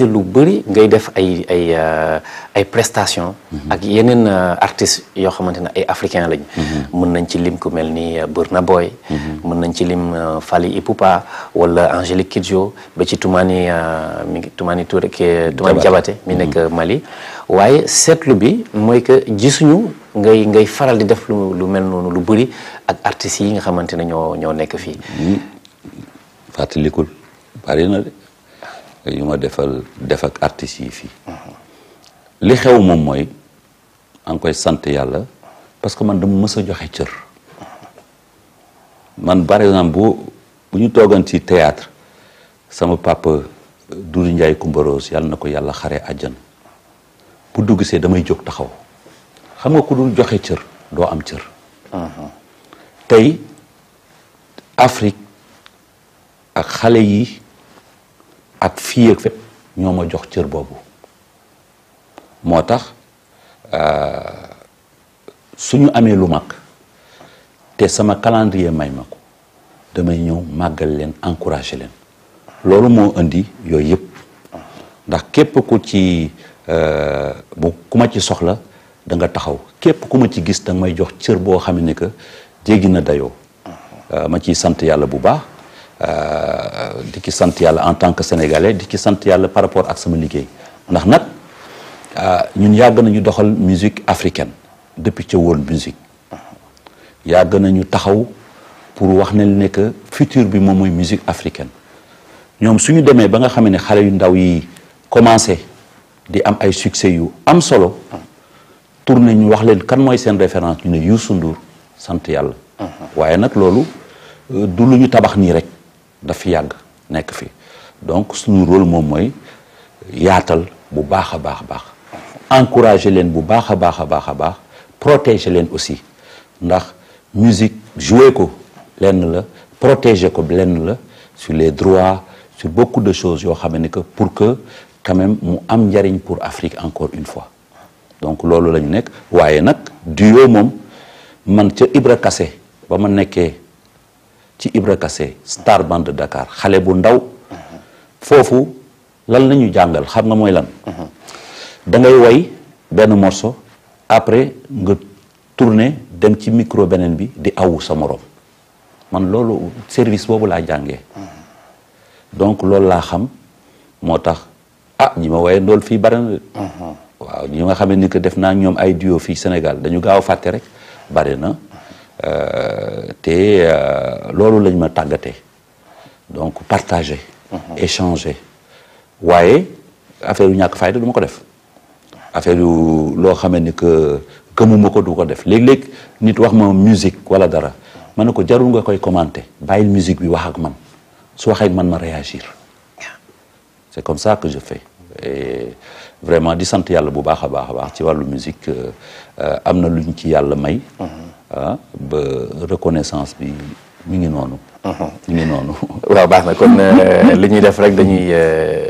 lu bëri ngay def ay ay euh, ay prestation mhm. ak yeneen euh, artistes yoo xamante ne ay africain lañ mhm. mën nañ ci lim ku mel ni euh, Burna booy mhm. mën nañ ci lim Fally Ipupa wala Angélique Kidjo ba ci Toumani mi ngi Toumani Touré ki Toumani Diabaté mi nekk Mali waaye seetlu bi mooy que gisuñu ngay ngay faral di def lu lu mel noonu lu bëri ak artistes yi nga xamante ne ñoo ñoo nekk fii fàttalikul bari na de yu ma defal def ak artistes yi fi li xew mom moy ang koy sante yalla parce que man dama mës joxe cieur man par exemple bu bu ñu ci théâtre sama papa dur ndjay kumbaros yalla nako yalla yàlla xare àjjan bu dugg see damay jog taxaw xam nga ku dul joxe cieur do am cieur tay Afrique ak xalé yi ak fii ak fépp ñoo ma jox cër boobu moo tax euh, suñu amee lu mag te sama calendrier may ma ko damay ñëw màggal leen encouragé leen loolu moo indi yooyu yëpp ndax képp ku ci euh, bu ku ma ci soxla da nga taxaw képp ku ma ci gis da may jox cër boo xam ne que jéggi na dayoo euh, ma ciy sant yàlla bu baax Euh, di ci sant yalla en tant que sénégalais di ci sant yalla par rapport ak sama liggéey ndax nak euh, ñun yag nañu doxal musique africaine depuis ca World Music yàgg nañu taxaw pour wax ne ne que futur bi mom moy musique africaine ñom suñu démé ba nga xamé ni xalé yu ndaw yi commencé di am ay succès yu am solo tourner ñu wax leen kan moy sen référence ñu ne Youssou Ndour sant yalla waaye nak lolu euh, du luñu tabax ni rek dafa yàgg nekk fi donc suñu rôle moom mooy yatal bu baax a baax encourager les bu baax a baax protéger les aussi ndax musique jouer ko lenn la protéger ko lenn la sur les droits sur beaucoup de choses yo xam que pour que quand même mu am pour Afrique encore une fois donc lolo la nek, nekk nak nag duo moom man Ibra Kassé ba man nekkee ci Ibra Kassé Star Band de Dakar xale bu ndaw foofu lan la ñu jàngal xam nga mooy lan da ngay woy benn morceau après nga tourner dem ci micro beneen bi di awu sa morom man loolu service boobu laa jàngee donc loolu laa xam moo tax ah ñi ma woyee ndool fii bari mhm. waaw ñi nga xam ne ni def naa ñoom ay duo fii Sénégal dañu gaaw a fàtte rek bari na Euh, te euh, lañ ma donc partager. Mhm. échanger why affaire ñak fayda du ko def affaire lo xamé ni que gëmuma ko du def lég lég nit wax ma musique wala dara ko jarul nga koy commenter musique bi wax ak man ma réagir c'est comme ça que je fais et vraiment di bu musique euh, ah, ba reconnaissance bi mi ngi noonu. Mhm. mi ngi noonu. waaw baax na kon euh, li ñuy def rek dañuy. Euh,